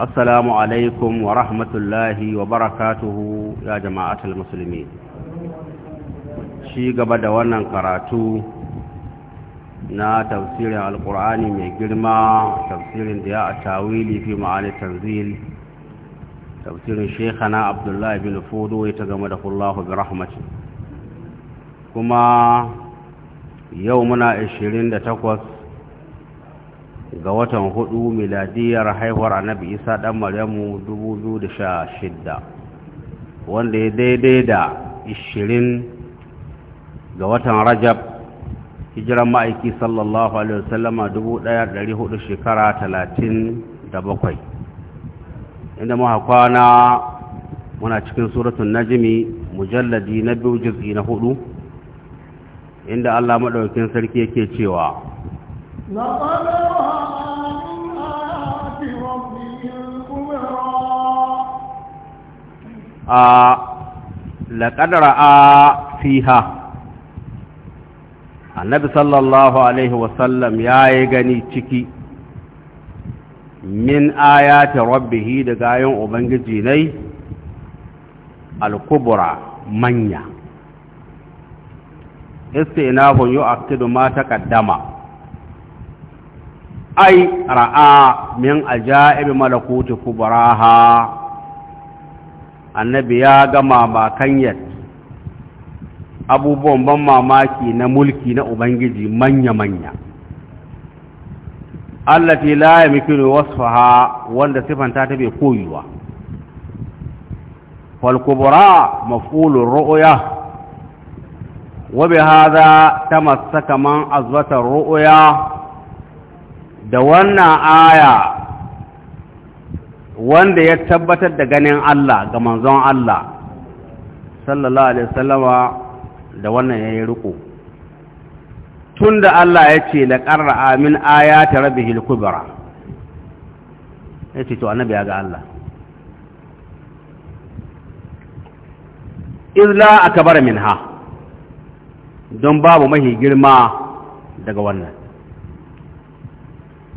السلام عليكم ورحمة الله وبركاته يا جماعة المسلمين شيء قبل وانا قراتو نا تفسير القرآن من جرما تفسير دياء التاويل في معاني التنزيل تفسير شيخنا عبد الله بن فودو يتغمده الله برحمته كما يومنا 28 ga watan hudu miladiyar haihuwar annabi isa dan maryamu 2016 wanda ya daidai da 20 ga watan rajab hijiran ma'aiki sallallahu alaihi wasallama 1400 shekara 37 inda muka kwana muna cikin suratun najimi mujalladi na biyu juz'i na hudu inda allah maɗaukin sarki yake cewa لقد رأى من آيات ربه الكبرى لقد رأى فيها annabi sallallahu alaihi wasallam ya yi gani ciki min ayati rabbihi daga ayon ubangiji ne al-kubra manya istinafun yu'aqqidu ma taqaddama ai ra'a min ajaib malakuti kubraha annabi ya ga mamakanyar abubuwan ban mamaki na mulki na ubangiji manya-manya allati la yamkinu wasfaha wanda sifanta ta bai koyuwa wal kubra maf'ulur ru'ya wa bi hadha tamassaka man azwata ru'ya da wannan aya wanda ya tabbatar da ganin Allah ga manzon Allah sallallahu alaihi wasallama da wannan yayi riko tunda Allah ya ce la qarra'a min ayati rabbihil kubra yace to annabi ya ga Allah illa akbar minha don babu mahi girma daga wannan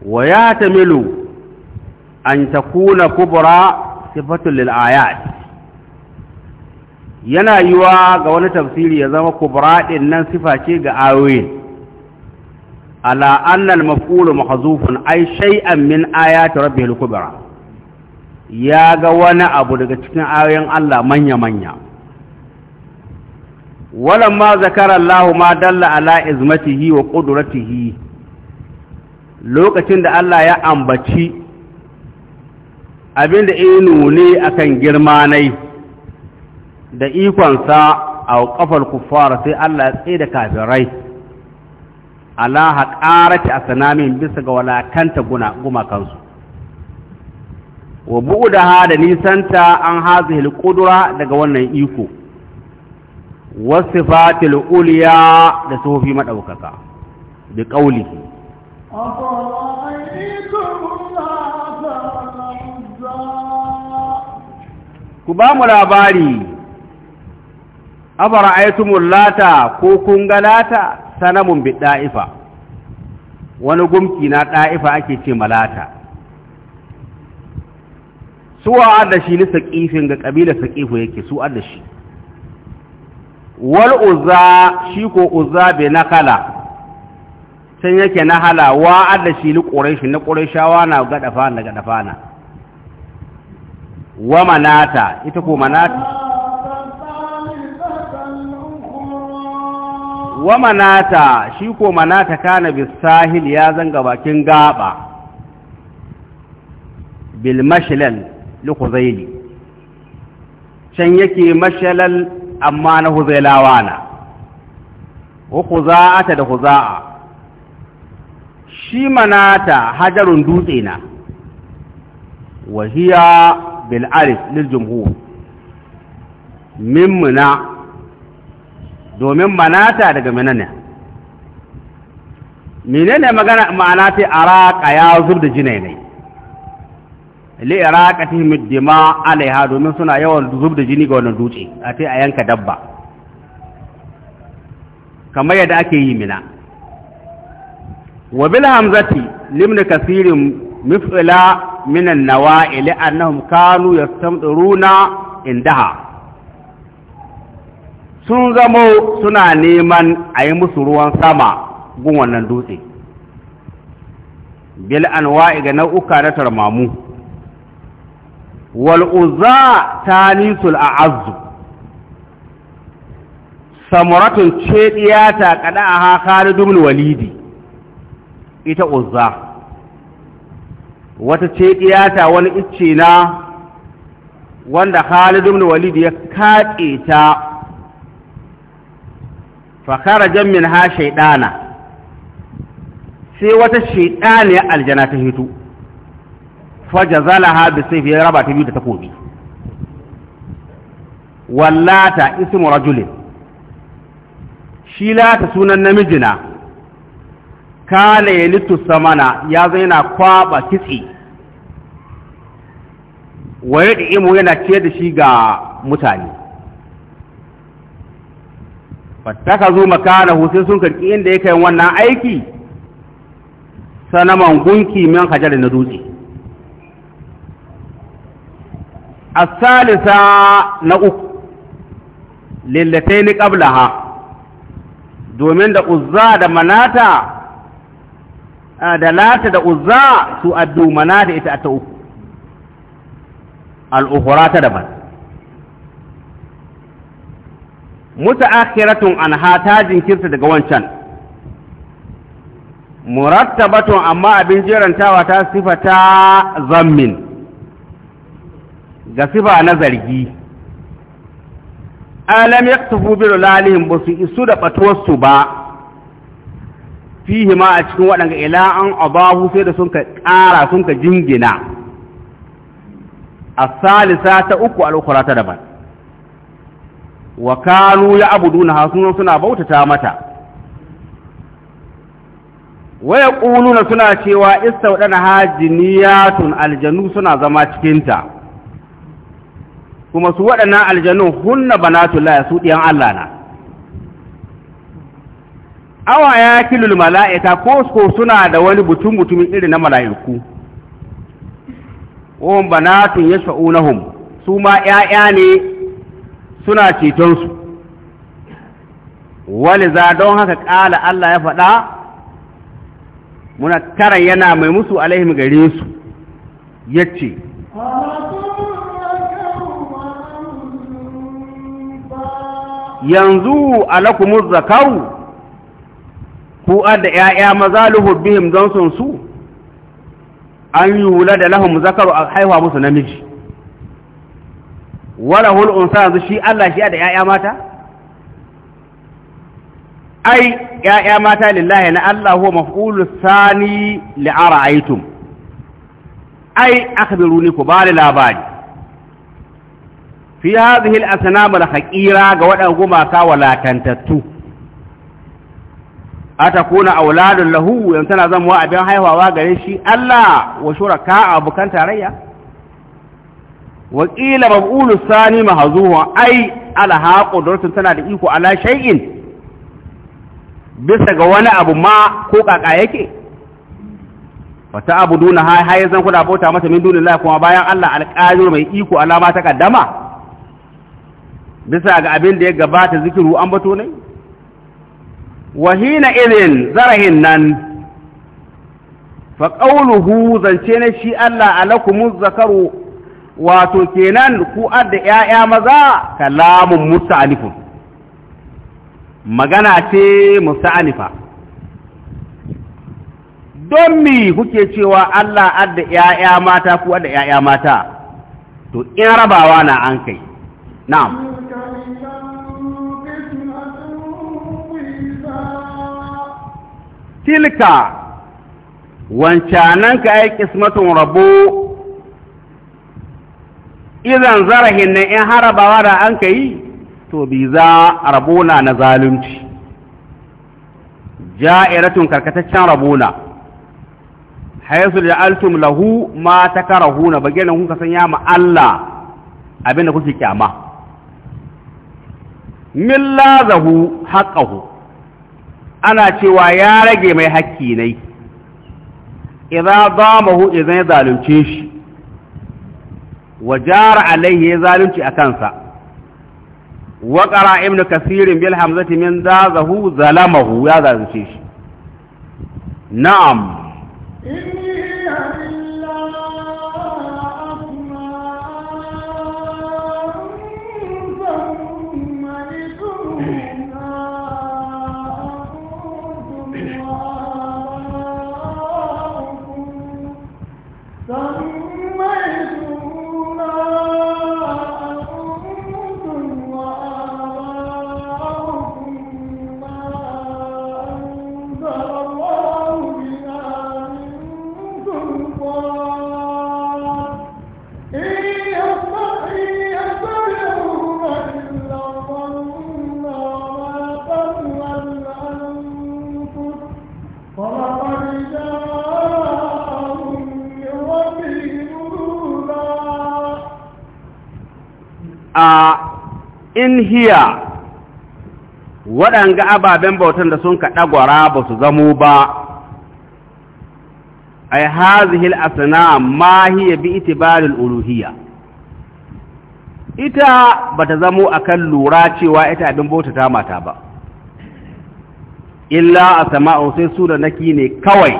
ويحتمل أن تكون كبرى صفة للآيات yana yiwa ga wani tafsiri ya zama kubra ɗin nan sifa ce ga ayoyin ala maf'ulu al ai mahzufun shay'an min ayati rabbihil kubra ya ga wani abu daga cikin ayoyin Allah manya manya walamma zakara Allah ma dalla ala izmatihi wa qudratihi lokacin da Allah ya ambaci abin abinda inu ne akan girma yi da ikonsa a ƙafar kufar sai Allah ya tsaye da kafirai ƙara haƙarati a sanamin bisa ga walakanta kansu wa bu'u da nisanta an haza hilƙudura daga wannan iko Wasu fatil uliya da sufi maɗaukaka da ƙaulihi ku ba mu labari abara aitumun lata ko kun ga lata sanamun bi ɗa'ifa wani gumki na ɗa'ifa ake ce malata wa adda shi nisa ƙifin ga ƙabila saƙifu yake su adda shi shi ko uza bai kala can yake na halawa Allah shi ni ƙorashi na ƙorashawa na gaɗafa na gaɗafa na wa manata ita ko manata wa manata shi ko manata kana bisahil ya zanga bakin gaba bil mashlal li khuzaili can yake mashlal amma na huzailawa na wa khuza'ata da khuza'a shi manata hajarun dutse na wahiya bil alif lil jumhur min muna domin manata daga menene menene magana ma'ana ta araka ya zub da jinai ne li iraqatihim dima alaiha domin suna yawan zub da jini ga wannan dutse a ta a yanka dabba kamar yadda ake yi mina wa bil hamzati limni kasirin mif'ila min an-nawa'il annahum kanu indaha sun zamo suna neman a yi musu ruwan sama gun wannan dutse bil anwa'i ga nau'uka na tarmamu wal uzza tanisul a'azzu samuratun cediya ta kada a ha khalid ibn walidi ita uzza wata ce ƙiyata wani icce na wanda Khalidu ibn Walid ya kaɗe ta fa kharajan minha shaytana sai wata ne aljana ta hito fa jazalaha bi sayfi ya raba ta biyu da takobi wallata ismu rajulin shi lata sunan namijina kana ya litu samana ya zai yana kwaba kitse wa ya imu yana ce da shi ga mutane ka zo makana sai sun karki inda ya kai wannan aiki sanaman gunki min hajar na dutse A Salisa na uku lillatai ni ƙablaha domin da uzza da manata Ah, da lata da uzza su addu mana da ita ta uku Al'uhura ta daban muta'akhiratun anha ta jinkirta daga wancan murattabatun amma abin jerantawa ta sifata zammin ga sifa na zargi alam yaktubu bi lalihim basu isu da batuwarsu ba fihi ma a cikin waɗanda ila an abahu sai da sun ka ƙara sun ka jingina a salisa ta uku al'ukura ta daban wa kanu ya abudu na hasunan suna bautata mata waya ƙuluna suna cewa waɗana waɗanda hajjiniyatun aljanu suna zama cikinta kuma su waɗannan aljanu hunna banatullahi su ɗiyan Allah na awa ya kilul mala'ika ko ko suna da wani butun mutumin irin na mala'iku wahum banatun yasfa'unahum su ma ƴaƴa ne suna ceton su za don haka ƙala Allah ya faɗa muna tara yana mai musu alaihim gare su yace yanzu alakumuz zakaru ku adda ‘ya'ya maza luhubbihim don sun su an yi wula da lahun zakaru a haihuwa musu namiji wala hul'unsa yanzu shi Allah shi adda ‘ya'ya mata? ai ‘ya'ya mata lillahi na Allah huwa maf'ulu sani li'ara aitum ai aka biru ni ku ba labari fi hazihil asanamar haƙira ga waɗanda gumaka walakantattu Ata kuna auladun lahu yanzu tana zamuwa abin haihuwa gare shi Allah wa shuraka abokan tarayya wakila mab'ulu sani mahzuhu ai alaha qudratun tana da iko ala shay'in bisa ga wani abu ma ko kaka yake wata ta'buduna hay hay zan kuna bauta mata min dunillah kuma bayan Allah alqadir mai iko alama ta kaddama bisa ga abin da ya gabata zikiru an bato ne wahina irin zarahin nan faƙauluhu zance na shi Allah alakumu zakaru wato kenan ku adda ‘ya'ya maza kalamun musta'alifun magana ce musta'alifa don mi kuke cewa Allah adda ‘ya'ya mata ku adda ‘ya'ya mata to in rabawa na an kai na'am tilka wancanan ka ai kismatun rabo idan zarahin nan in harabawa da an ka yi to bi za rabona na zalunci ja'iratun karkataccen rabona haisu da lahu ma ta karahuna baginan kuka sanya ma Allah abinda kuke kyama min lazahu haqqahu ana cewa ya rage mai hakki ne idza damahu idan ya zalunce shi wa jara alaihi ya zalunci a kansa wa qara ibnu kasir bil hamzati min dazahu zalamahu ya zalunce shi na'am hiya waɗanga ababen bautan da sun kaɗa gwara ba su zamo ba ai hazihil asna ma hiya bi itibaril uluhiya, ita ba ta zamo akan lura cewa ita abin bautata mata ba illa asma'u sai su da naki ne kawai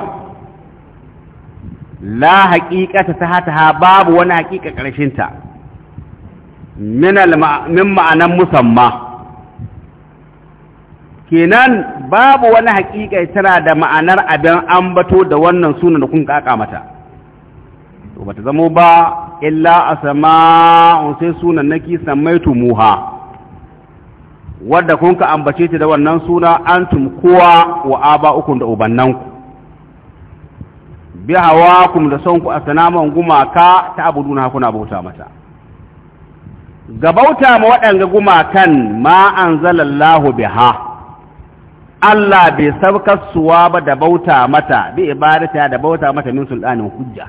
la haƙiƙata ta ta babu wani haƙiƙa ƙarshinta ta min ma'anan musamma kenan babu wani haƙiƙa tana da ma'anar abin ambato da wannan sunan da kun kaka mata to bata zamo ba illa asma'un sai sunan naki samaitu muha wadda kun ka ambace ta da wannan suna antum kowa wa aba uku da ku. bi hawakum da sonku asnaman gumaka ta abuduna kuna bauta mata Ga bauta ma waɗanga gumakan ma an zalallahu biha Allah bai suwa ba da bauta mata bi ibadata da bauta mata min sultanin hujja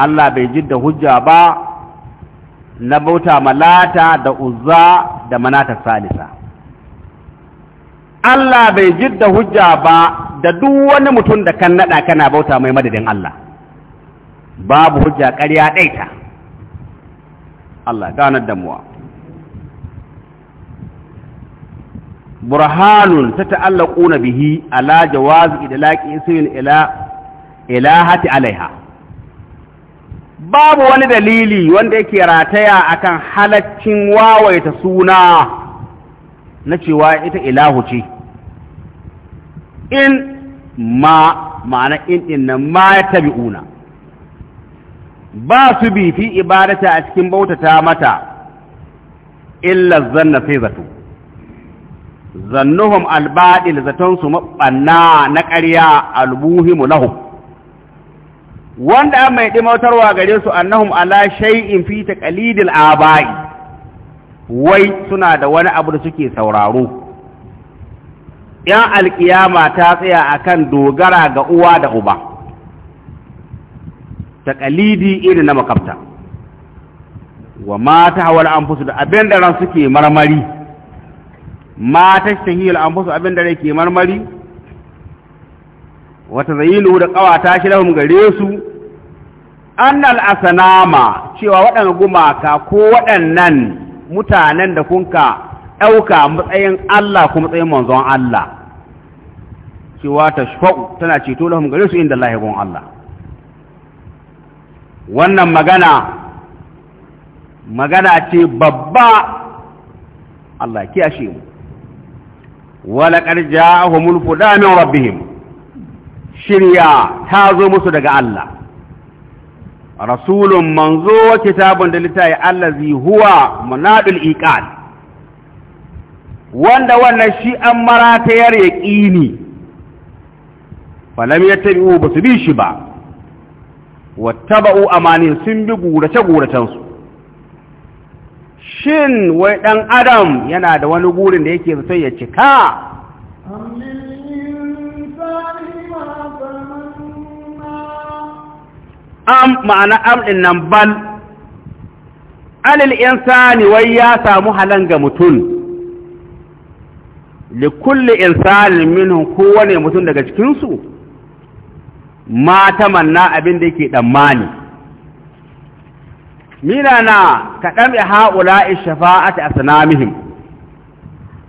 Allah bai jidda hujja ba na bauta malata da uzza da manata salisa Allah bai jidda hujja ba da duk wani mutum da kan nada kana bauta mai madadin Allah babu hujja ƙarya ɗaita Allah ganar burhanun ta na bihi ala jawazi idlaqi ismin ila ilahati alaiha babu wani dalili wanda yake rataya akan halaccin wawaita suna na cewa ita ilahu ce in ma ma'ana in ɗin nan ma ya tabi'una ba su bi fi ibadata a cikin bautata mata illa zanna sai zato zannuhum albaɗil zaton su maɓanna na ƙarya albuhimu lahum wanda an mai ɗimautarwa gare su annahum ala shay'in fi taqlidil aba'i wai suna da wani abu da suke sauraro yan alkiyama ta tsaya akan dogara ga uwa da uba taqalidi irin na makabta wa ma tahawal anfusu da abin da ran suke marmari ma tashtahil anfusu abin da rai ke marmari wata zayilu da kawata shi lahum gare su annal asanama cewa waɗannan gumaka ko waɗannan mutanen da kunka ɗauka matsayin Allah ko matsayin manzon Allah cewa ta tana ceto lahum gare su inda Allah ya Allah wannan magana magana ce babba Allah ashe mu wala karja humul min rabbihim shirya ta zo musu daga Allah rasulun manzo wa kitabun da littafi allazi huwa munadul iqal wanda wannan shi an maratayar yaqini falam yattabi'u basu bi shi ba wattaba'u amani sun bi gurace guracensu shin wai ɗan adam yana da wani gurin da yake zai ya cika am ma'ana am din nan bal alil insani wai ya samu halan ga mutum likulli insanin minhu kowane mutum daga cikinsu ma manna, abin da yake tsammani mina na kaɗan ha'ula ta asnamihim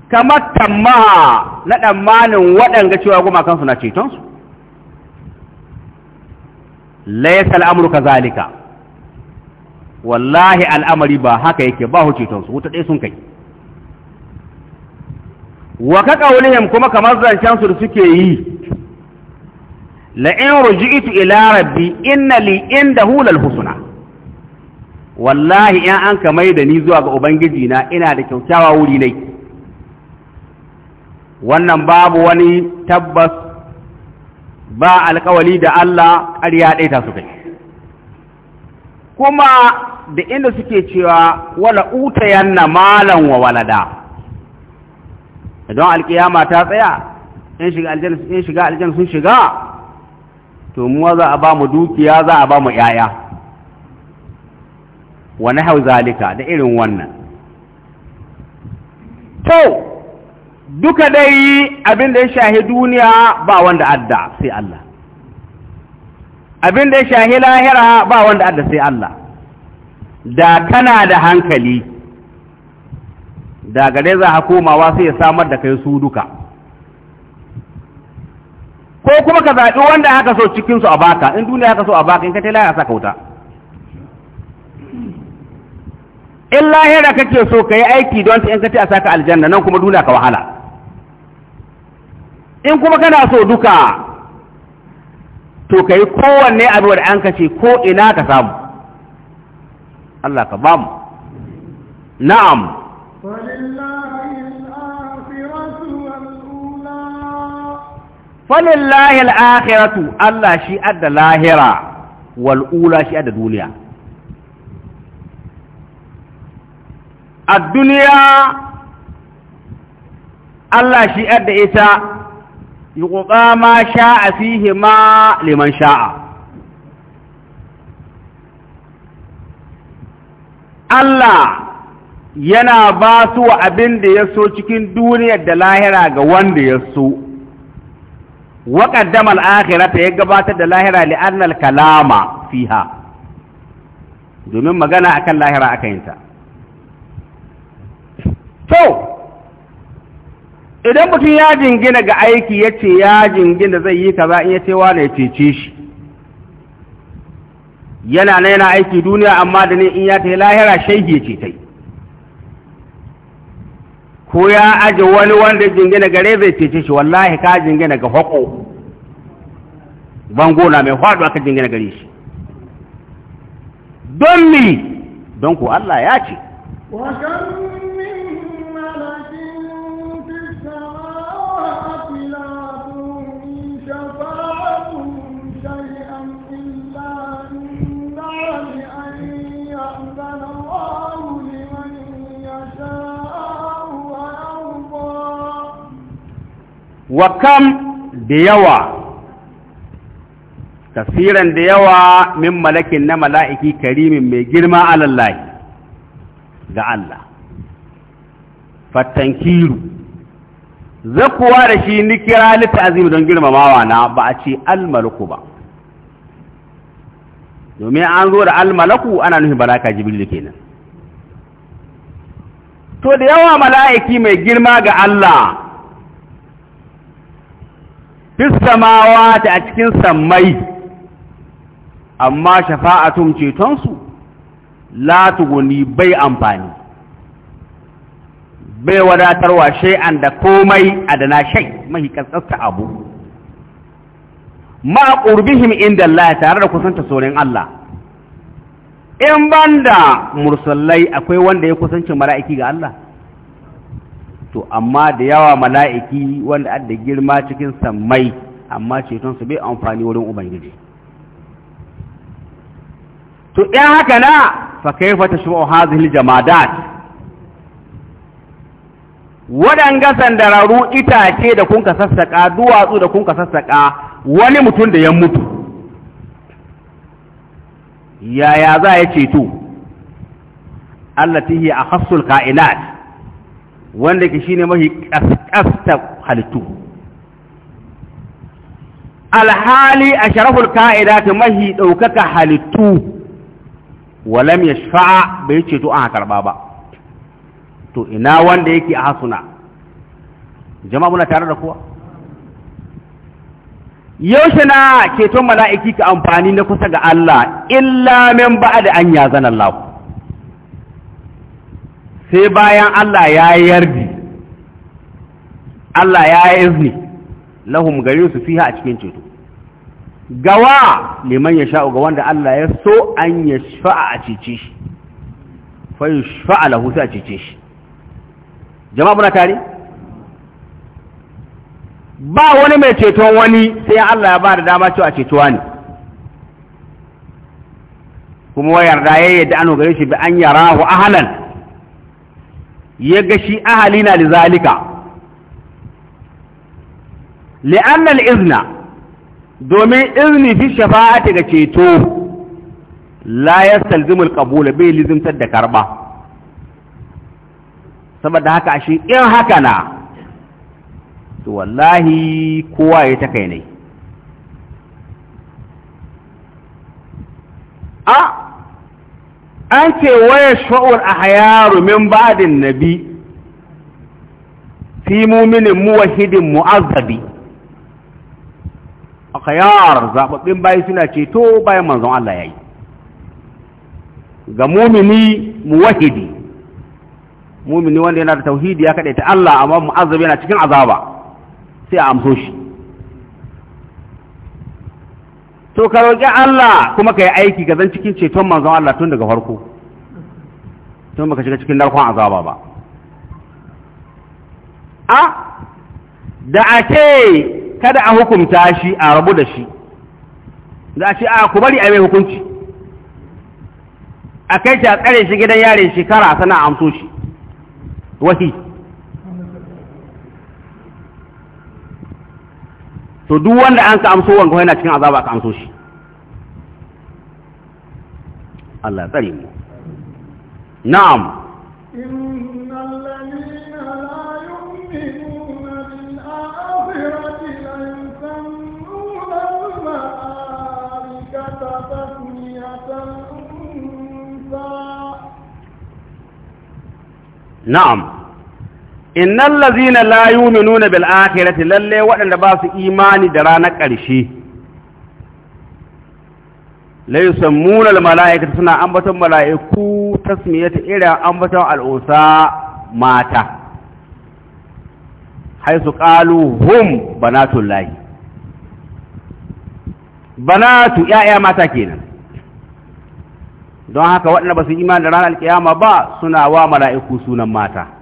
kamar tamma na manin waɗanga cewa kansu na cetonsu laisa al'amuru ka zalika wallahi al'amari ba haka yake ba su, wuta ɗaya sun kai wa ka ƙaunihim kuma kamar zancensu da suke yi la'in ruji'itu ila rabbi inna li indahu lal husna wallahi in an kamai mai da ni zuwa ga ubangiji na ina da kyautawa wuri ne wannan babu wani tabbas ba alkawali da Allah ƙarya ɗaya ta su kai kuma da inda suke cewa wala yanna malan wa walada idan alkiyama ta tsaya in shiga aljanna sun shiga to mu za a ba mu dukiya za a ba mu ‘ya'ya wani hau zalika da irin wannan to duka dai abin da ya shahi duniya ba wanda adda sai Allah abin da ya shahi lahira ba wanda adda sai Allah da kana da hankali da gare za a komawa sai ya samar da kai su duka ko kuma ka zaɓi wanda aka so cikin su a baka in duniya aka so a baka in ka tela a saka wuta in lahira kake so ka yi aiki don ta in ka a saka aljanna nan kuma duniya ka wahala in kuma kana so duka to ka yi kowanne abu da an kace ko ina ka samu Allah ka bamu na'am falillahi al-akhiratu Allah shi adda lahira wal ula shi adda duniya ad-duniya Allah shi adda ita yuqama ma sha'a fihi ma liman sha'a Allah yana ba su abin da ya so cikin duniyar da lahira ga wanda ya so wa qaddama al-akhirata ya gabatar da lahira li anna al-kalama fiha domin magana akan lahira aka yin to idan mutum ya jingina ga aiki yace ya jingina zai yi kaza in yace wani ya cece shi yana na yana aiki duniya amma da ni in ya ta lahira shaihi ce tai ko ya aje wani wanda jingina gare zai cece shi wallahi ka jingina ga hako bango na mai faɗo aka jingina gare shi don mi don ku Allah ya ce wa kam da yawa tafsiran da yawa min malakin na mala'iki karimin mai girma alallahi ga Allah fatankiru zakuwa da shi nikira litta azimi don girmamawa na ba a ce almalku ba domin an zo da almalaku ana nufin balaka jibrilu kenan to da yawa mala'iki mai girma ga Allah fis ta a cikin sammai amma shafa'atun cetonsu la tuguni bai amfani bai wadatarwa shay'an da komai adana shay mahi kantsasta abu ma qurbihim inda Allah tare da kusanta sonin Allah in banda mursalai akwai wanda ya kusanci mara'iki ga Allah to amma da yawa mala'iki wanda adda girma cikin sammai amma ceton su bai amfani wurin ubangiji to ɗan haka na fa kaifa tashma'u hadhihi jama'adat waɗanga sandararu itace da kun ka duwatsu da kun ka wani mutum da ya mutu yaya za ya ceto allatihi a hasul kainat wanda ke shine mahi kaskasta halittu alhali a sharaful ka'ida ta mahi ɗaukaka halittu walam ya sha'a bai ce to an karɓa ba to ina wanda yake a hasuna jama'a muna tare da kuwa yaushe na ceton mala'iki ka amfani na kusa ga Allah illa min ba'ad da an yazan Allah sai bayan Allah ya yi yardi Allah ya yi izini lahum gari su fiha a cikin ceto gawa liman ya sha'u ga wanda Allah ya so an ya shafa a cece shi fa yi shafa lahu sai a cece shi jama'a muna tare ba wani mai ceton wani sai Allah ya ba da dama cewa cetuwa ne kuma wa yarda ya yadda an gare shi bi an yarahu ahlan ya ga shi ahali na da zalika li'anar izna domin izini fi shafa'ati ga ceto la yastalzimul qabul bai lizimtar da karba saboda haka shi in haka na to wallahi kowa ya ta kai ne a an ce waya sha'ur a hayaru min ba'din nabi fi muminin muwahidin mu'azzabi a hayar zaɓaɓɓin bayi suna ceto bayan manzon Allah ya yi ga mumini muwahidi mumini wanda yana da tauhidi ya ta Allah amma mu'azzabi yana cikin azaba sai a amso shi to ka roƙi Allah kuma ka yi aiki ga zan cikin ceton manzon Allah tun daga farko tun baka shiga cikin narkon azaba ba a da ake kada a hukunta shi a rabu da shi da a ce a ku bari a mai hukunci a kai shi a tsare shi gidan yare shekara sana amso shi wahi to duk wanda an ka amso wanga yana cikin azaba ka amso shi Allah tsare mu na'am Na'am. innal lazina la yu'minuna bil akhirati lalle waɗanda ba su imani da ranar ƙarshe la munar al mala'ikata suna ambaton mala'iku tasmiyata irin ambaton al'usa mata haisu qalu hum banatul banatu ya'ya mata kenan don haka waɗanda ba su imani da ranar ƙiyama ba suna wa mala'iku sunan mata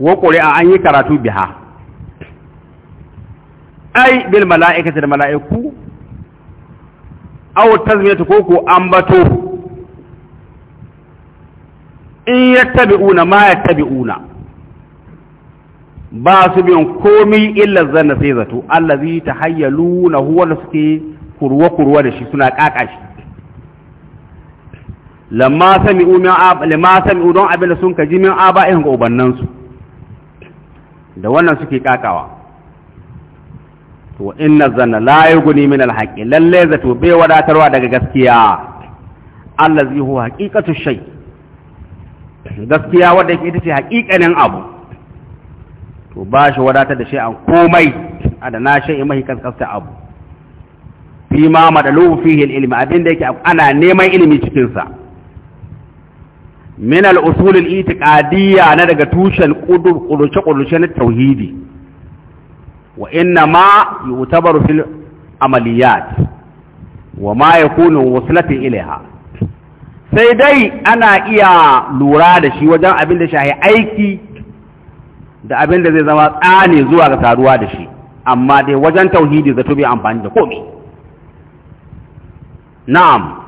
wa a an yi karatu biha ai bil mala'ikata da mala'iku aw tazmiyatu ko ko ambato in yattabi'una ma yattabi'una ba su bin komai illa zanna sai zato allazi tahayyaluna huwa da suke kurwa kurwa da shi suna kaka shi lamma sami'u min lamma sami'u don abin da sun kaji min aba'in ga ubannansu da wannan suke kakawa to inna zanna la yughni min al-haqqi lalle zato bai wadatarwa daga gaskiya allazi huwa haqiqatu shay gaskiya wanda yake ita ce haqiqanin abu to ba shi wadatar da shi an komai adana shay mai kaskasta abu fi ma madalu fihi al-ilmi abinda yake ana neman ilimi cikin sa Minal al-usul al na daga tushen qudur qudurce na tauhidi wa inna ma yu'tabaru fil amaliyat wa ma yakunu waslati ilaiha sai dai ana iya lura da shi wajen abin da shahi aiki da abin da zai zama tsane zuwa ga saduwa da shi amma dai wajen tauhidi zato bai amfani da komai na'am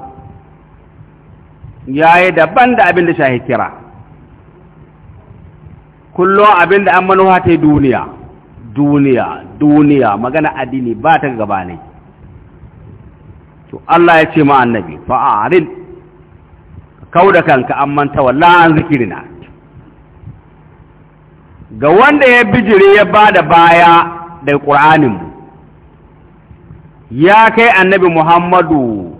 yi daban da abin da shahi kira kullum abin da an manuwa ta duniya duniya duniya magana addini ba ta gaba ne to Allah ya ce ma annabi kau kauda kanka an manta wallahi an zikirina ga wanda ya bijire ya ba da baya da ƙura'aninmu ya kai annabi Muhammadu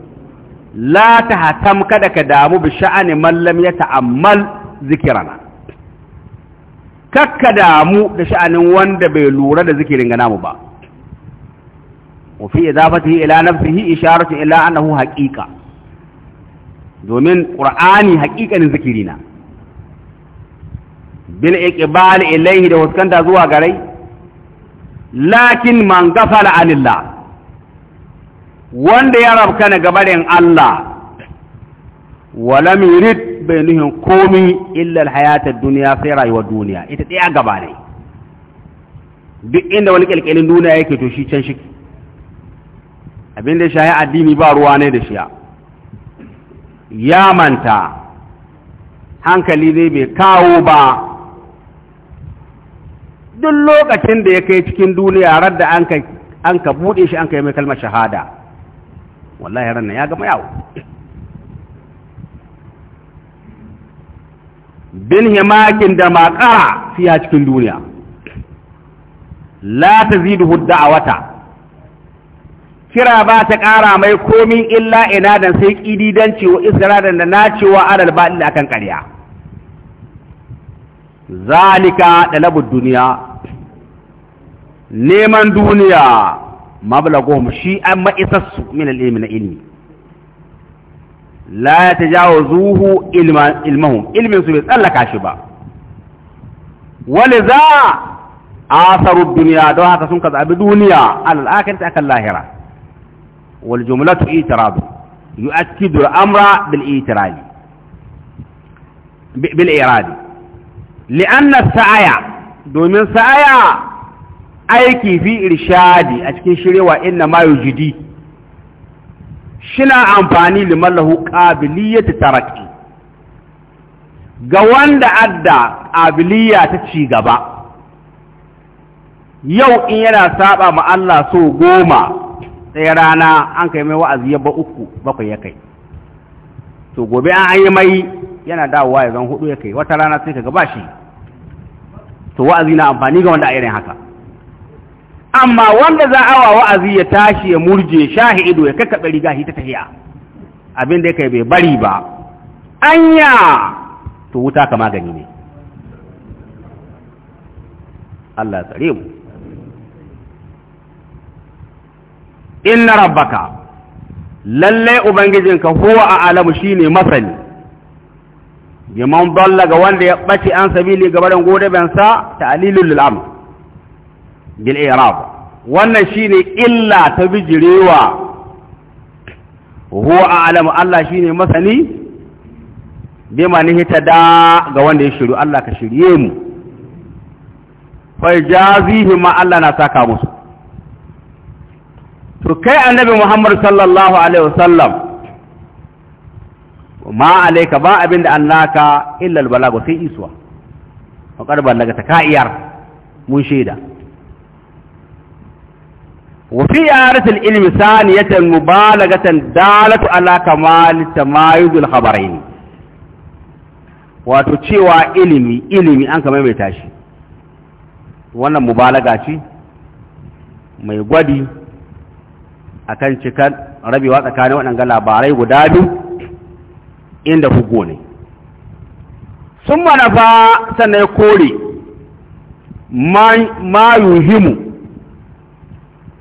la ta hatam kada ka damu bi mallam ya ta'ammal zikirana kakka damu da sha'anin wanda bai lura da zikirin ga namu ba wa fi idafatihi ila nafsihi isharatu ila annahu haqiqa domin Ƙur'ani haqiqanin zikiri na bil iqbal ilayhi da waskanta zuwa garai lakin man ghafala anillah wanda ya rabkana gabarin Allah wala mirid bai nuhin komi illal hayatar duniya sai rayuwar duniya ita ɗaya gaba ne duk inda wani kalkalin duniya yake to shi can shiki abin da shahi addini ba ruwa ne da shi ya manta hankali zai bai kawo ba duk lokacin da ya kai cikin duniya rar da an ka buɗe shi an ka yi mai kalmar shahada wallahi ran ya gama yawo bin himakin da makara fiya cikin duniya la taziduhu wata. kira ba ta ƙara mai komi illa ina dan sai ƙididanci isra dan da nacewa ba illa akan ƙarya zalika dalabud duniya neman duniya ما بلغهم شيئا ما اسس من العلم من لا يتجاوزوه علمهم علم سبيل الله كاشبا ولذا آثروا الدنيا دوها تسنقذ أبي دنيا على الآخرة أكل لاهرة والجملة إيتراض يؤكد الأمر بالإيتراض بالإيراد لأن السعي دون سعي aiki fi irshadi a cikin shirewa inna ma yujidi shina amfani liman lahu qabiliyyat taraki ga wanda adda qabiliya ta ci gaba yau in yana saba ma Allah so goma sai rana an kai mai wa'azi ya ba uku bakwai ya kai to gobe an yi mai yana dawowa ya zan hudu ya kai wata rana sai ka gaba shi to wa'azi na amfani ga wanda a irin haka amma wanda za a wa wa'azi ya tashi ya murje shahi ido ya kakkaɓe riga shi ta tahiya abin da kai bai bari ba anya to wuta ka magani ne Allah tsare mu inna rabbaka lalle ubangijinka huwa a alamu shine masani yaman dalla ga wanda ya ɓace an sabili gabarin gode ta alilu ta'lilul bil i'rab wannan shine illa ta bijirewa huwa a'lamu Allah shine masani bima da ga wanda ya shiru Allah ka shirye mu fa jazihi ma Allah na saka musu to kai annabi Muhammad sallallahu alaihi wasallam ma alaika ba abinda annaka illa albalagu sai iswa faqad ballagata ka'iyar mun shaida وفي إعارة العلم ثانية مبالغة دالة على كمال تمايز الخبرين wato cewa ilimi ilimi an kama mai tashi wannan mubalaga ce mai gwadi akan cikar rabewa tsakanin waɗanga labarai guda biyu inda hugo ne sun manafa sannan ya kore ma yuhimu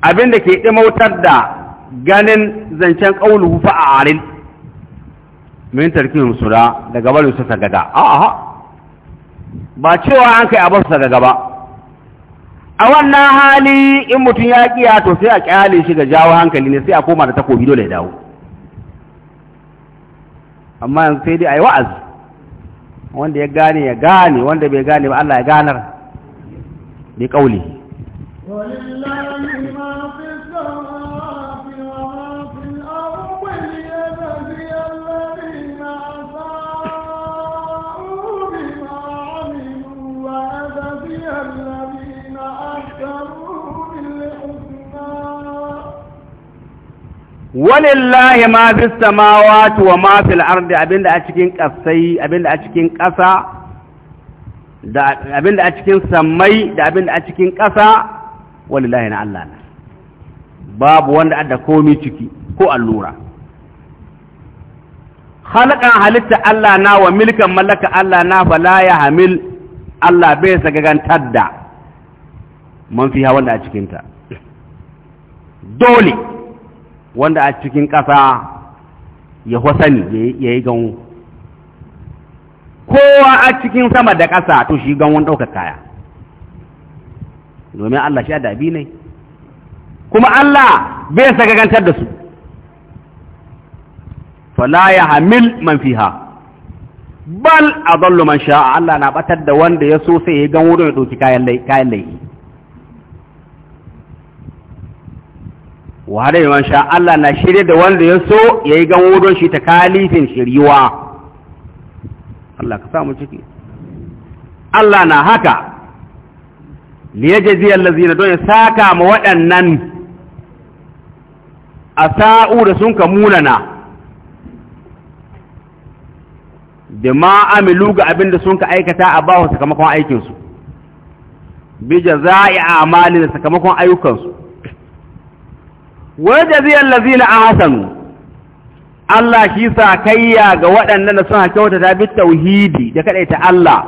abin da ke ɗimautar da ganin zancen ƙauluhu fa a arin min tarkin sura daga barin su sagaga a'a ba cewa an kai abin su sagaga ba a wannan hali in mutum ya kiya to sai a kyale shi ga jawo hankali ne sai a koma da takobi dole ya dawo amma yanzu sai dai a yi wa'azi wanda ya gane ya gane wanda bai gane ba Allah ya ganar bi ƙaule. walillahi ma fi samawati wa ma fil ardi abinda a cikin kasai abinda a cikin kasa da abinda a cikin samai da abinda a cikin kasa walillahi na Allah na babu wanda adda komi ciki ko allura khalqan halitta Allah na wa milkan mallaka Allah na fala ya hamil Allah bai sagagantar da man fiha wanda a cikinta dole wanda a cikin ƙasa ya hosani ya yi ganwo kowa a cikin sama da ƙasa to shi ganwon ɗaukar kaya domin Allah shi adabi ne kuma Allah bai sagagantar da su fala ya hamil man fiha bal a man sha'a Allah na batar da wanda ya so sai ya gan wurin ya ɗauki kayan laifi wa hada man sha Allah na shirye da wanda ya so ya yi gan don shi ta kalifin shiriwa Allah ka samu ciki Allah na haka liyajzi na don ya saka ma waɗannan sa'u da sun ka munana da ma amilu ga abin da sun ka aikata a bawa sakamakon aikinsu bi yi amali da sakamakon ayyukansu wajaziyar lazina a hasanu Allah shi sa kayya ga waɗannan da suna kyauta ta bi tauhidi da kaɗai ta Allah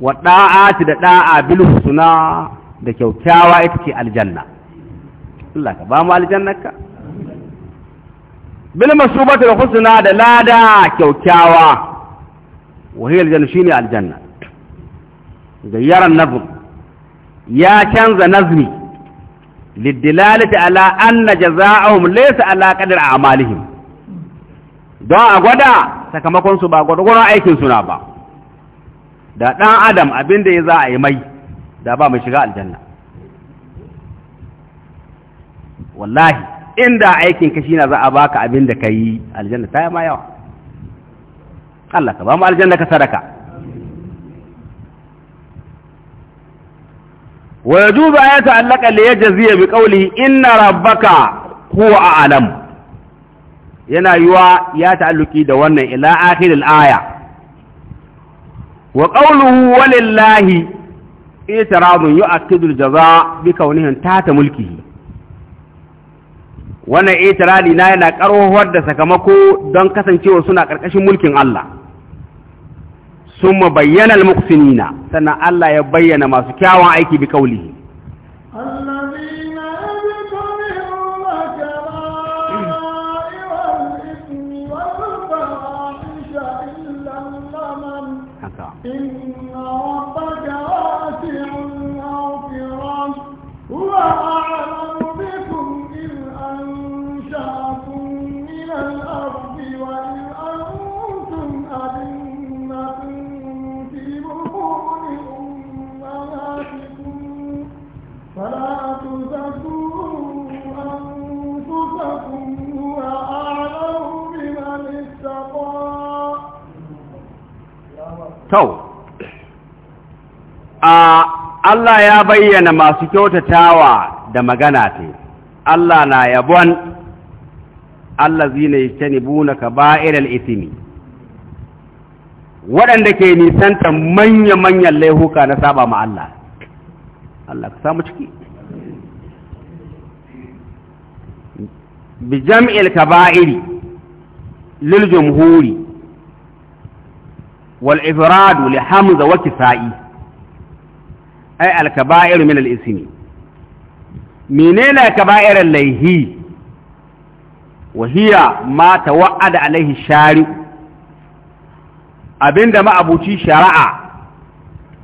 wa ɗa'ati da ɗa'a bil husna da kyaukyawa ita ce aljanna Allah ka ba mu aljannarka bil masubati da husna da lada kyaukyawa, wa hiya aljanna shine aljanna da yaran nazm ya canza nazmi liddilalati ala anna jaza'ahum laysa ala qadri a'malihim don a gwada sakamakonsu su ba gwargwaron aikin suna ba da dan adam abinda ya za a yi mai da ba mai shiga aljanna wallahi inda aikin ka shine za a baka abinda ka yi aljanna ta yi ma yawa Allah ka ba mu aljanna ka wa yajuzu an ta'allaka li yajziya bi qawlihi inna rabbaka a a'lam yana yiwa ya ta'alluki da wannan ila akhiril aya wa qawluhu walillahi itiradun yu'akkidu al-jaza bi kaunihin tata mulkihi wannan itiradi na yana karwar da sakamako don kasancewa suna ƙarƙashin mulkin Allah ثم بين المحسنين سنة الله يبين ما سكاوا عيك بقوله الذين إلا إن ربك واسع المغفرة هو to a Allah ya bayyana masu kyautatawa da magana te Allah na yabon allazina ka kaba'iral itini waɗanda ke nisanta manya-manyan laihuka na saba ma Allah Allah ka samu ciki bi jam'il ba'iri lil jumhuri wal ifradu li hamza wa kisa'i ay al kaba'ir min al ismi menene kaba'ir al laihi wa hiya ma alaihi shari abinda ma abuci shari'a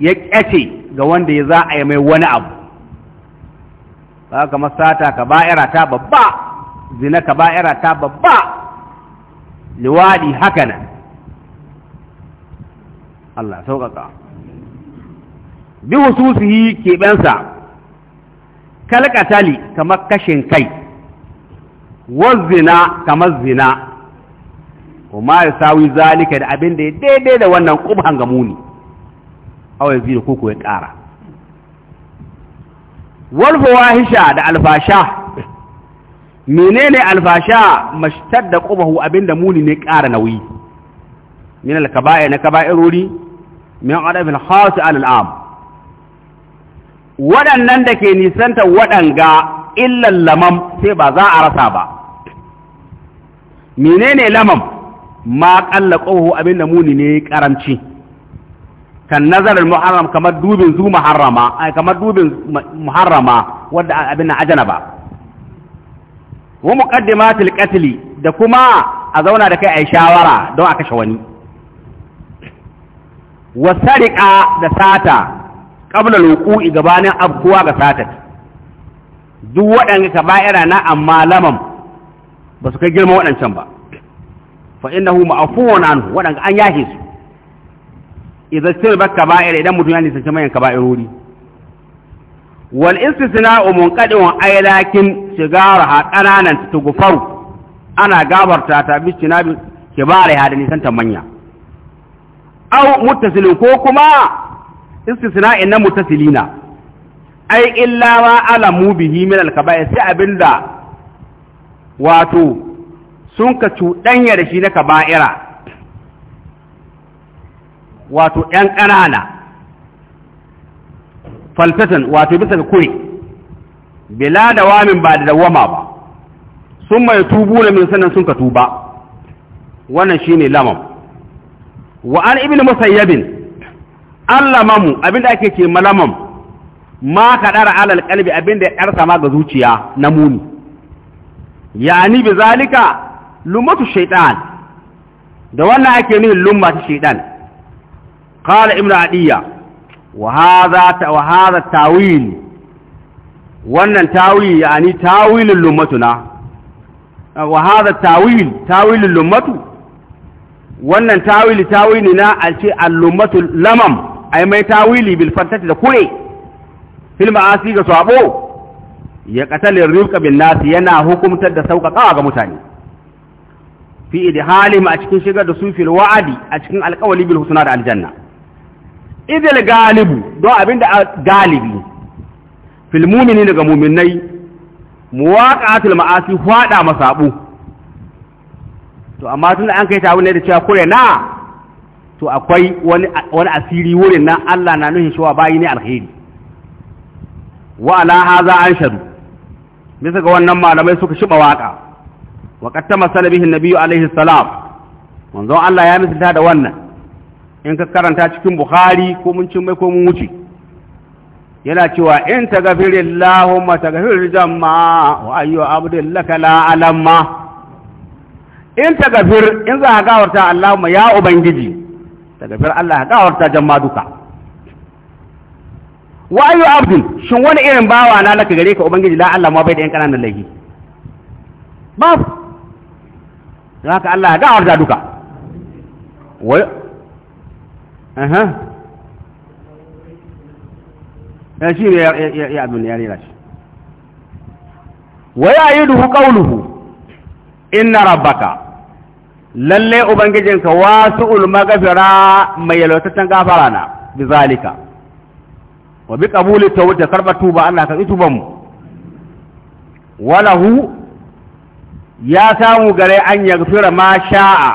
ya kyace ga wanda ya za a yi mai wani abu ba ka masata ka ba'ira ta babba zina ka ba'ira ta babba liwadi haka nan Allah sauƙaƙa bi hususihi keɓensa tali kamar kashin kai wazzina kamar zina kuma ya sawi zalika da abin da ya daidai da wannan ƙubhan ga muni awai zira koko ya ƙara hisha da alfasha menene alfasha mashtar da ƙubahu abin da muni ne ƙara nauyi min alkaba'ir na kaba'irori min adabin hausu al'am waɗannan da ke nisanta waɗanga illan lamam sai ba za a rasa ba menene lamam ma ƙalla ƙoho abin da muni ne ƙaramci kan nazarin muharram kamar dubin zu muharrama kamar dubin muharrama wadda abin na ajana ba wa muqaddimatil qatl da kuma a zauna da kai ai shawara don a kashe wani wa da sata qabla luqu'i gabanin abkuwa ga sata duk waɗanda kaba'ira na amma lamam ba su kai girma waɗancan ba fa innahu ma'afuwan an waɗanda an yahe su idza sirba kaba'ira idan mutum ya nisanci mayan kaba'irori wal istisna'u munqadi'un ay lakin ha qananan tughfaru ana gabarta ta bi cinabi kibare da nisan manya aw muttasilin ko kuma istisna'in na muttasilina ai illa ma alamu bihi min al-kaba'ir sai abinda wato sun ka cuɗanya da shi na kaba'ira wato ‘yan ƙanana falfatan wato bisa ga kure bila da wamin ba da dawama ba sun mai tubu na min sun ka tuba wannan shi ne lamam wa an ibn musayyabin allamamu abinda ake ce malamam ma ka dara alal qalbi abinda ya darsa ma ga zuciya na muni yani bi zalika lumatu shaytan da wannan ake nihin lumma ta shaytan qala ibn adiya wa hadha wa hadha tawil wannan tawil yani tawilul lummatuna wa hadha tawil tawilul lummatu wannan tawili tawili na a ce allumatul lamam ai mai tawili bil fantati da kure fil ma'asi ga sabo ya qatalin rifqa bin nasi yana hukumtar da sauƙaƙawa ga mutane fi ma a cikin shigar da su fil wa'adi a cikin alƙawali bil husna da aljanna idil galibu don abinda galibi fil mu'mini daga mu'minai muwaqatul ma'asi fada masabu to amma tun da an kai ta ne da cewa kure na to akwai wani wani asiri wurin nan Allah na nuhin cewa bayi ne alheri wa ala hadha an bisa ga wannan malamai suka shiba waka wa qattama salabihi nabiyyu alaihi salam wanzo Allah ya misalta da wannan in ka karanta cikin bukhari ko mun cin mai ko mun wuce yana cewa in tagafirillahu ma tagafir jamma wa ayyu abdillaka la alamma in ta gafir in za a gawarta ma ya Ubangiji ta gafir Allah ya gawarta ma duka wa ayu abdin shin wani irin bawa na naka gare ka Ubangiji la Allah ma bai da yan kananan laifi Ba za ka Allah ya gawarta duka wa aha ya eh, shi ne ya abin ya rera shi wa ya yi duhu kauluhu inna rabbaka lalle ubangijinka wasu'ul magafira mai yalwatattan gafara na bizalika wa bi qabuli tawbah da karba tuba Allah ka tuba mu walahu ya samu gare an yaghfira ma sha'a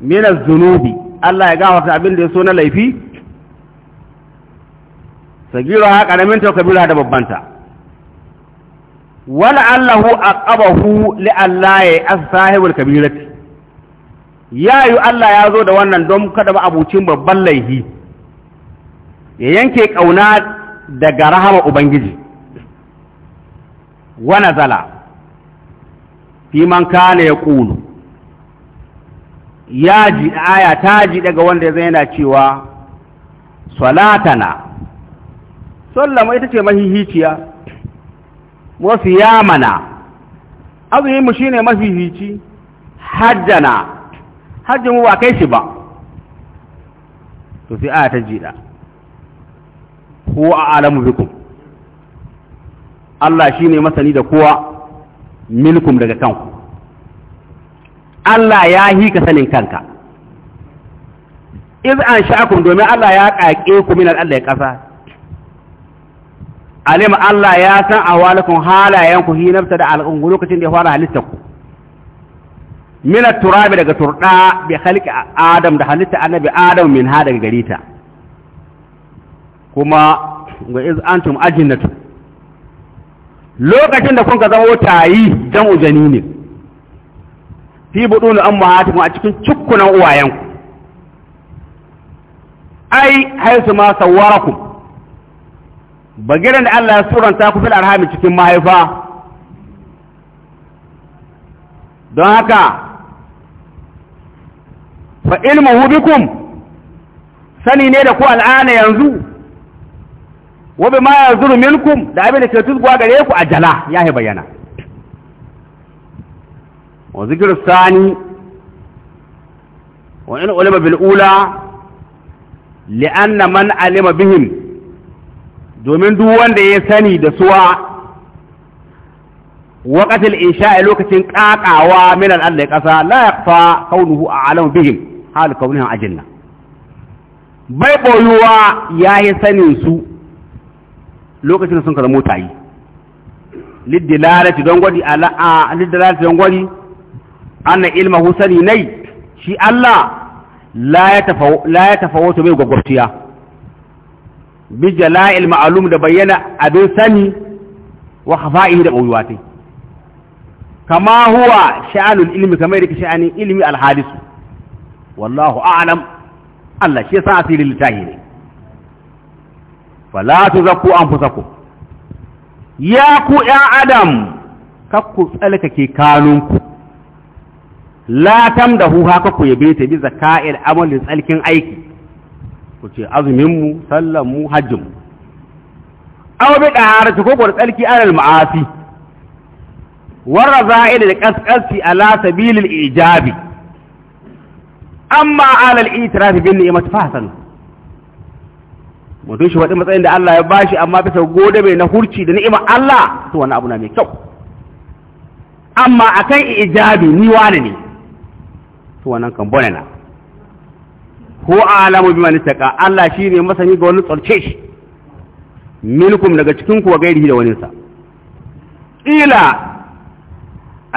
min az-zunubi Allah ya gafarta abin da ya so na laifi sagira ha karamin ta kabila da babbanta wala allahu aqabahu li Allah ya asahibul kabirati ya yi Allah ya zo da wannan don kada ba abucin babban laifi ya yanke kauna daga rahama ubangiji wana zala. fi man kana yaqulu ya ji aya ta ji daga wanda ya yana cewa salatana sallama ita ce mahihiciya wasu yamana azuminmu shi ne hici hajjana hajjinmu ba kai shi ba to fi aya ta jida a alamu bikum Allah shi ne masani da kowa milkum daga kanku Allah ya yi ka sanin kanka iz an sha'akum domin Allah ya ƙaƙe ku minar Allah ya ƙasa alim Allah ya san ahwalakum halayenku hi nafsa da al'ungu lokacin da ya fara halitta ku min turabi daga turda bi khalqi adam da halitta annabi adam min ha gari garita kuma wa iz antum ajinnatu lokacin da kun ka zama tayi jam'u janinin fi budun ummahatikum a cikin cukkunan uwayenku ai haisu ma sawarakum bagiran da Allah ya suranta ku fil arhami cikin mahaifa don haka fa ilmuhu bikum sani ne da ku al'ana yanzu wa bima yazuru minkum da abin da ke tuzguwa gare ku a jala ya bayyana wa zikr sani wa in ulama bil ula li'anna man alima bihim domin duk wanda ya sani da suwa waƙatil a lokacin ƙaƙawa min al'adda ya ƙasa la ya fa kaunuhu a alamu bihim hal kaunuhu a jinna bai ɓoyuwa ya yi sanin su lokacin sun kaza mota yi liddilalati don gwadi a liddilalati don gwadi anna ilmahu sani nai shi Allah la ya tafawo bai gwagwarciya bi jala'il ma'lum da bayyana abin sani wa khafa'ihi da qawiyati kama huwa sha'anul ilmi kama yadda sha'anin ilmi alhadisu wallahu a'lam Allah shi yasa asiri litahi ne fala tuzakku anfusakum ya ku ya adam kakku tsalkake kanunku la tamdahu haka ku yabe ta bi zaka'il amalin tsalkin aiki ku ce azuminmu sallanmu hajjinmu aw bi ɗaharci ta gwada tsarki alal ma'afi warra za'ida da ƙasƙasci ala sabilil ijabi amma alal itirafi bin ni'imat fahasan mutum shi waɗin matsayin da Allah ya bashi amma bisa gode mai na hurci da ni'imar Allah to wani abu na mai kyau amma akan ijabi ni wani ne to wannan kan bone na ko alamu bi mani taka Allah shi ne masani ga wani tsarce shi minkum daga cikin kuwa gairi da wani sa. ila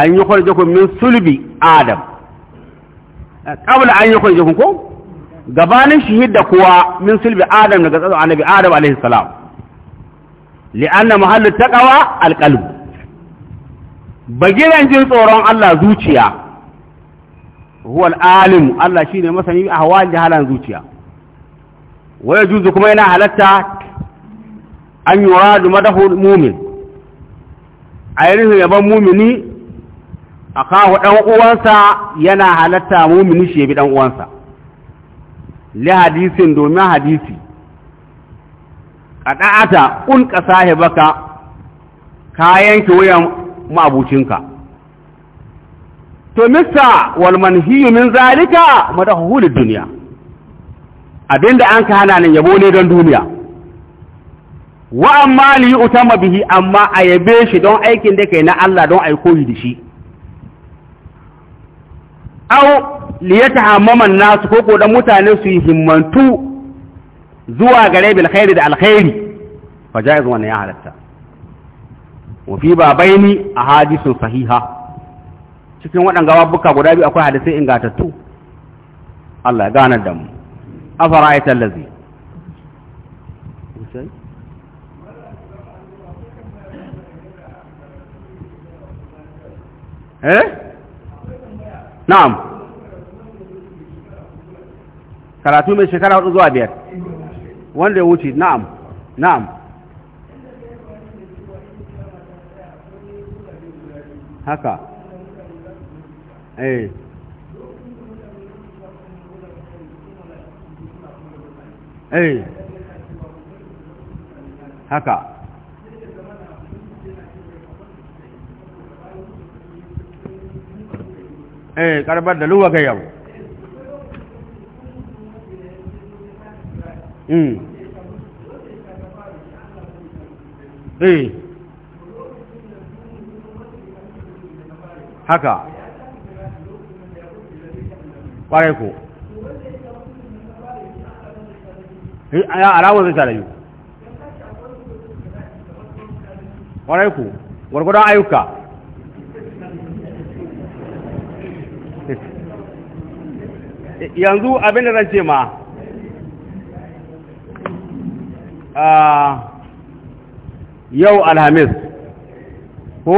an yi kwarjakun min sulbi adam kabla an yi kwarjakun ko gabanin shahidda kuwa min sulbi adam daga tsatsa annabi adam alaihi salam li'anna mahallu taqwa alqalb bagiran jin tsoron Allah zuciya huwa alim Allah shine masani a hawa jahalan zuciya waya yajuzu kuma yana halatta an da madahu mumin ayyuhu yaban mumini a kawo uwansa yana halatta mumini shi bi dan uwansa hadisin domin hadisi qada'ata un qasahibaka ka yanke wuyan ma'abucinka to mista wal manhiyu min zalika madahu duniya abinda an ka hana nan yabo ne don duniya wa amma li utama bihi amma a yabe shi don aikin da kai na Allah don ai koyi da shi aw li yatahammama nasu ko ko mutane su himmantu zuwa gare bil khairi da alkhairi fa jaiz wa ya halatta wa fi babaini ahadithu sahiha cikin waɗanga babuka guda biyu akwai hadisai ingatattu Allah ya gane da mu afara ayatul ladzi eh na'am karatu mai shekara hudu zuwa biyar wanda ya wuce na'am na'am haka Eh. eh haka eh, karbar da luwa kai yau mm eh. haka kwarai ko ya alamun zai tare yi kwarai ko gwargwadon ayyuka yanzu abin da zan ce ma yau alhamis ko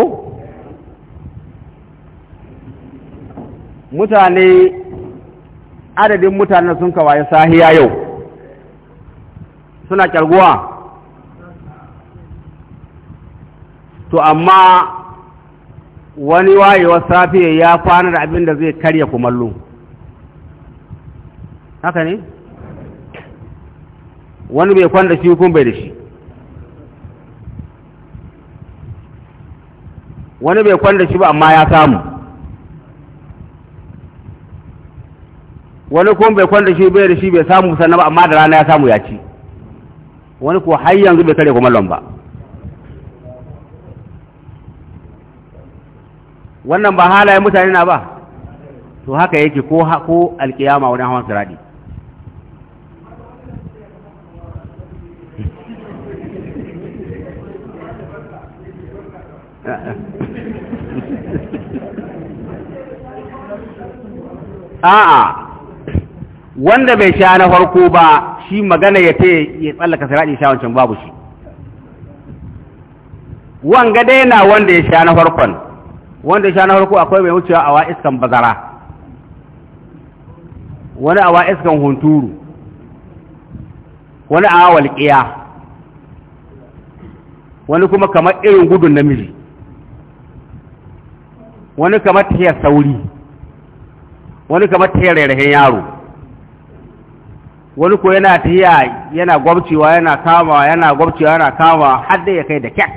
mutane adadin mutanen sun kawaye sahiya yau suna kyarguwa to amma wani wayewar safiya ya kwana da abin da zai karya kumallo haka ne wani bai kwanda shi hukun bai da shi wani bai kwanda shi ba amma ya samu wani kuma bai kwanta shi bai da shi bai samu sannan ba amma da rana ya samu ya ci wani ko har yanzu bai kare kumallon ba wannan ba halaye mutane na ba to haka yake ko ko alkiyama wani hawan siradi a'a wanda bai sha na farko ba shi magana ya te ya tsallaka sirati sha wancan babu shi wanga dai na wanda ya sha na farkon wanda ya sha na farko akwai mai wucewa awa iskan bazara wani awa iskan hunturu wani awa walƙiya wani kuma kamar irin gudun namiji wani kamar ta sauri wani kamar ta rairahin yaro wani ko yana tahiya yana gwabcewa yana kama yana gwabcewa yana kama har da ya kai da kyak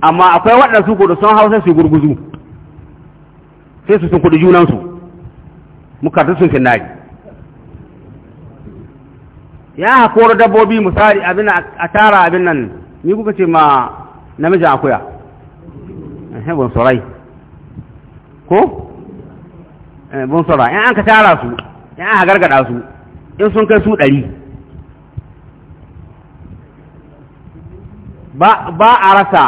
amma akwai waɗansu da sun hausa su gurguzu sai su sun kudu junansu mukarta sun finnari ya haƙoro dabbobi misali abin a tara abin nan ni kuka ce ma namijin akuya ban sarai ko bunsura eh, in an ka tara su in an gargada su in sun kai su ɗari ba a rasa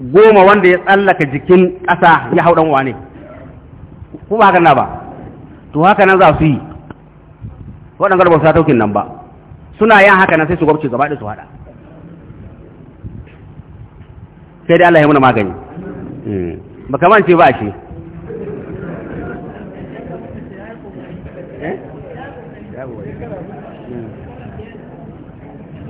goma wanda ya tsallaka jikin ƙasa ya hau ɗan wane ko ba haka na ba to haka nan za su yi waɗanda ba su taukin nan ba suna yin haka nan sai su gwabce gaba da su haɗa sai dai Allah ya muna magani hmm. ba kamar ce ba shi